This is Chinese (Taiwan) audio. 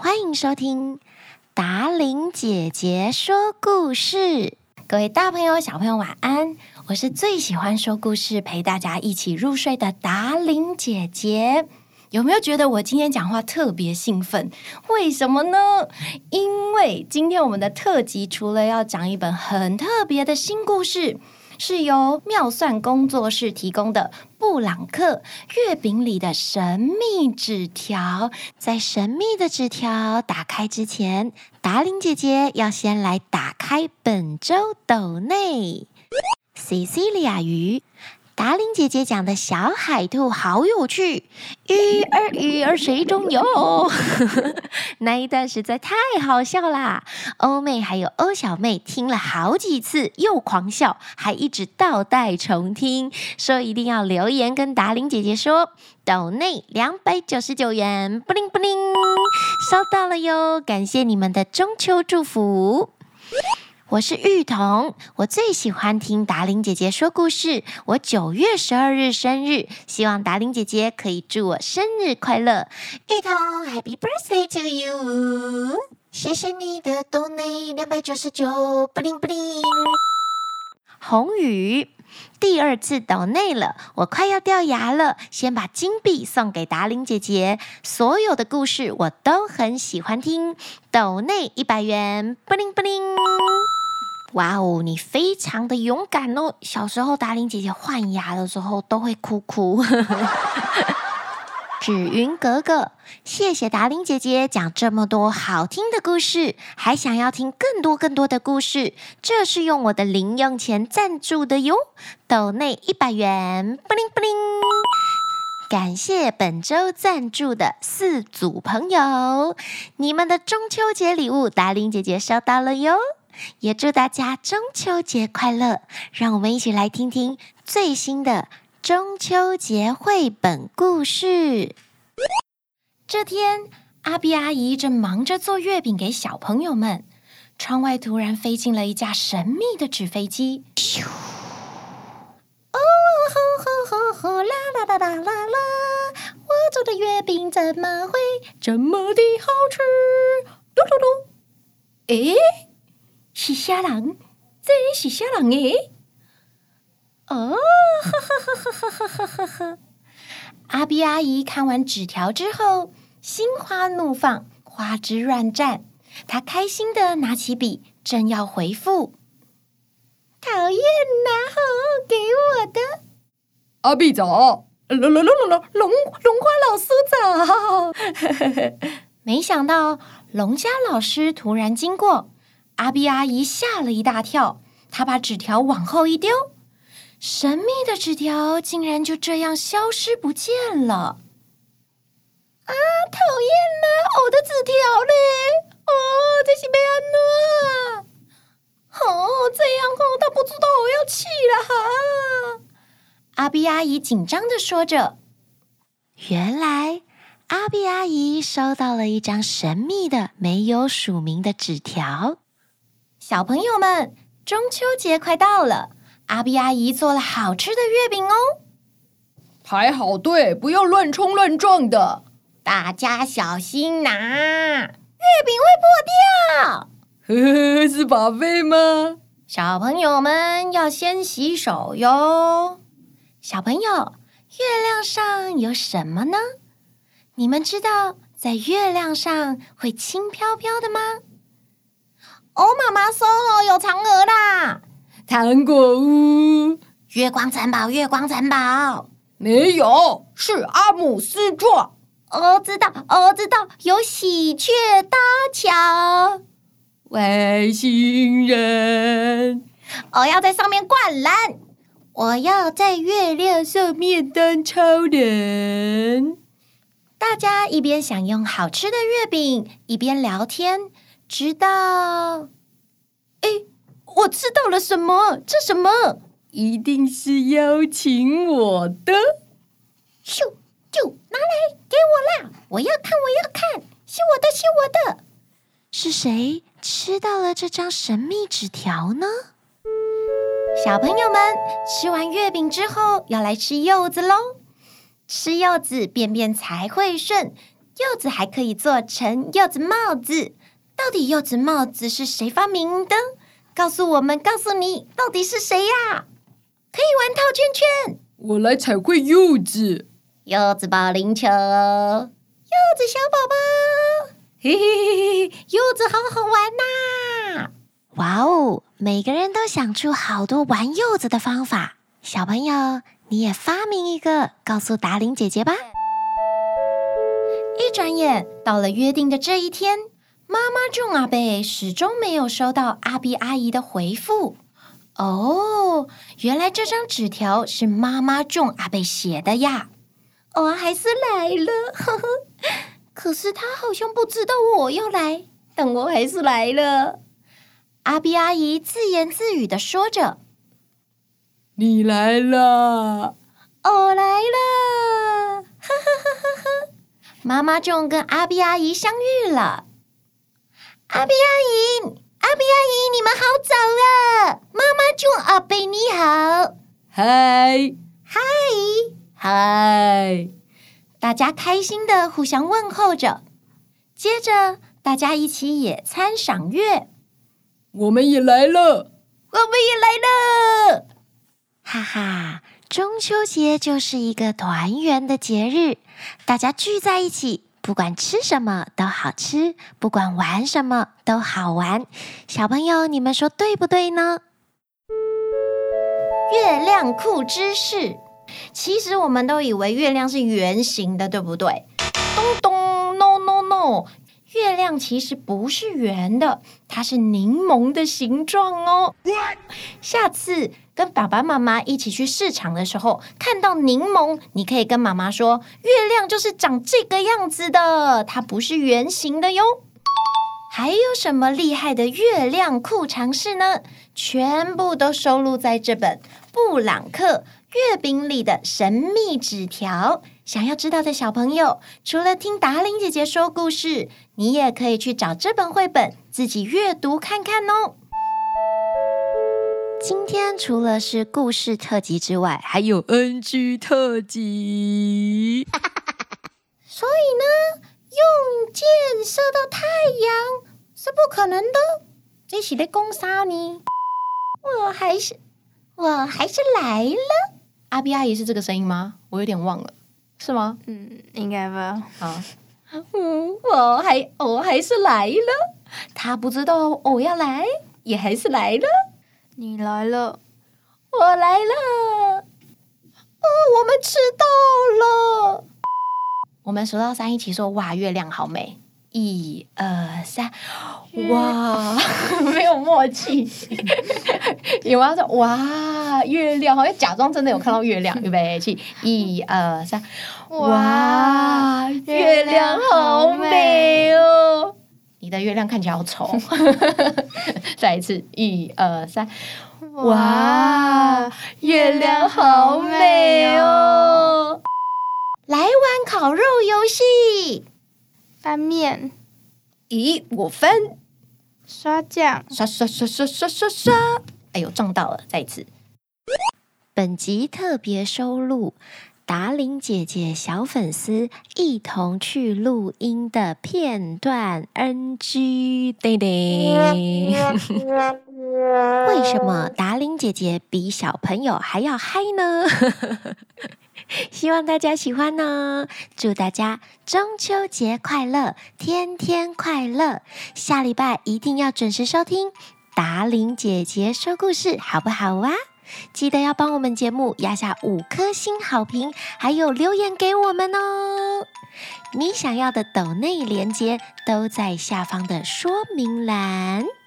歡迎收聽達伶姐姐說故事。各位大朋友、小朋友，晚安！我是最喜歡說故事、陪大家一起入睡的達伶姐姐。有沒有覺得我今天講話特別興奮？為什麼呢？因為今天我們的特輯除了要講一本很特別的新故事。是由妙蒜工作室提供，的《布朗克月餅》裡的神秘紙條，在神秘的紙條打開之前，達伶姐姐要先來打開本周斗內 Cecilia 魚。達伶姐姐講的小海兔好有趣，魚兒魚兒水中游， 那一段實在太好笑啦！歐妹還有歐小妹聽了好幾次又狂笑，還一直倒帶重聽，說一定要留言跟達伶姐姐說。斗內兩百九十九元，布靈布靈，收到了喲！感謝你們的中秋祝福。我是玉彤，我最喜歡聽達伶姐姐說故事。我九月十二日生日，希望達伶姐姐可以祝我生日快樂。玉彤，Happy birthday to you！謝謝你的抖內兩百九十九，布靈布靈。紅雨，第二次抖內了，我快要掉牙了，先把金幣送給達伶姐姐。所有的故事我都很喜歡聽，抖內一百元，布靈布靈。哇哦，wow, 你非常的勇敢哦！小時候達伶姐姐換牙的時候都會哭哭。指云哥哥，謝謝達伶姐姐講這麼多好聽的故事，還想要聽更多更多的故事，這是用我的零用錢贊助的喲，抖內一百元，布靈布靈。感謝本周贊助的四組朋友，你們的中秋節禮物達伶姐姐收到了喲。也祝大家中秋節快樂！讓我們一起來聽聽最新的中秋節繪本故事。這天，阿比阿姨正忙着做月餅給小朋友們，窗外突然飛進了一架神秘的紙飛機。哦吼吼吼吼啦啦啦啦啦！我做的月餅怎麼會這麼的好吃？嘟嘟嘟，誒。是啥人？真是啥人誒哦，哈哈哈哈哈哈哈哈！阿碧阿姨看完紙條之後，心花怒放，花枝亂顫。她開心的拿起筆，正要回復：“討厭、啊，拿好給我的。阿比”阿碧走，龍龍龍龍龍龍龍花老師走。 沒想到龍蝦老師突然經過。阿比阿姨嚇了一大跳，她把紙條往後一丟，神秘的紙條竟然就這樣消失不見了！啊，討厭啦，我的紙條呢？哦，這是被安怎？哦，這樣哦，他不知道我要氣了哈！阿比阿姨緊張地說着。原來，阿比阿姨收到了一張神秘的、沒有署名的紙條。小朋友們，中秋節快到了，阿比阿姨做了好吃的月餅哦。排好隊，不要亂衝亂撞的，大家小心拿，月餅會破掉。呵呵呵，是寶貝嗎？小朋友們要先洗手喲。小朋友，月亮上有什麼呢？你們知道在月亮上會輕飄飄的嗎？我、哦、媽媽說有嫦娥啦，糖果屋、月光城堡、月光城堡沒有，是阿姆斯壯。我、哦、知道，我、哦、知道有喜鵲搭橋，外星人，我、哦、要在上面灌籃，我要在月亮上面當超人。大家一邊享用好吃的月餅，一邊聊天。直到誒知道？哎，我吃到了什麼？這什麼？一定是邀請我的！咻，就拿來給我啦！我要看，我要看，是我的，是我的！是誰吃到了這張神秘紙條呢？小朋友們吃完月餅之後，要來吃柚子嘍！吃柚子，便便才會順。柚子還可以做成柚子帽子。到底柚子帽子是誰發明的？告訴我們，告訴你，到底是誰呀？可以玩套圈圈，我來彩繪柚子，柚子保齡球，柚子小寶寶，嘿嘿嘿嘿，柚子好好玩吶！哇哦，每個人都想出好多玩柚子的方法，小朋友你也發明一個，告訴達伶姐姐吧。一轉眼到了約定的這一天。媽媽種阿貝始終沒有收到阿碧阿姨的回復。哦，原來這張紙條是媽媽種阿貝寫的呀！我還是來了，呵呵。可是他好像不知道我要來，但我還是來了。阿碧阿姨自言自語地說着：“你來了，我來了。呵呵呵呵。”媽媽種跟阿碧阿姨相遇了。阿比阿姨，阿比阿姨，你們好早啊！媽媽祝阿比你好，嗨，嗨，嗨！大家開心的互相問候着，接着大家一起野餐賞月。我們也來了，我們也來了！哈哈，中秋節就是一個團圓的節日，大家聚在一起。不管吃什麼都好吃，不管玩什麼都好玩，小朋友，你們說對不對呢？月亮酷知識，其實我們都以為月亮是圓形的，對不對？咚咚，no no no。月亮其實不是圓的，它是檸檬的形狀哦。What? 下次跟爸爸媽媽一起去市場的時候，看到檸檬，你可以跟媽媽說：月亮就是長這個樣子的，它不是圓形的喲。還有什麼厲害的月亮酷常識呢？全部都收錄在這本《布朗克》。月餅裡的神秘紙條》，想要知道的小朋友，除了聽達伶姐姐說故事，你也可以去找這本繪本自己閱讀看看哦。今天除了是故事特輯之外，還有 NG 特輯。 所以呢，用箭射到太陽是不可能的，這是在攻殺你。我還是，我還是來了。阿 B 阿姨是這個聲音嗎？我有點忘了，是嗎？嗯，應該吧。啊、哦，我還，我、哦、還是來了。他不知道我、哦、要來，也還是來了。你來了，我來了。哦，我們遲到了。我們數到三一起說，哇，月亮好美。一二三，哇，月 沒有默契。 有嗎？說哇，月亮好像假裝真的有看到月亮。預 備起，一二三，哇，月亮好美哦！美哦，你的月亮看起來好醜。 再一次，一二三，哇，月亮好美哦！美哦，來玩烤肉遊戲。翻面，咦，我分刷醬醬，刷刷刷刷刷刷刷，哎呦，撞到了，再一次。本集特別收錄達伶姐姐小粉絲一同去錄音的片段，NG 噔噔。 為什麼達伶姐姐比小朋友還要嗨呢？ 希望大家喜歡呢、哦！祝大家中秋節快樂，天天快樂！下禮拜一定要準時收聽達伶姐姐說故事，好不好哇、啊？記得要幫我們節目壓下五顆星好評，還有留言給我們哦！你想要的抖內鏈接都在下方的說明欄。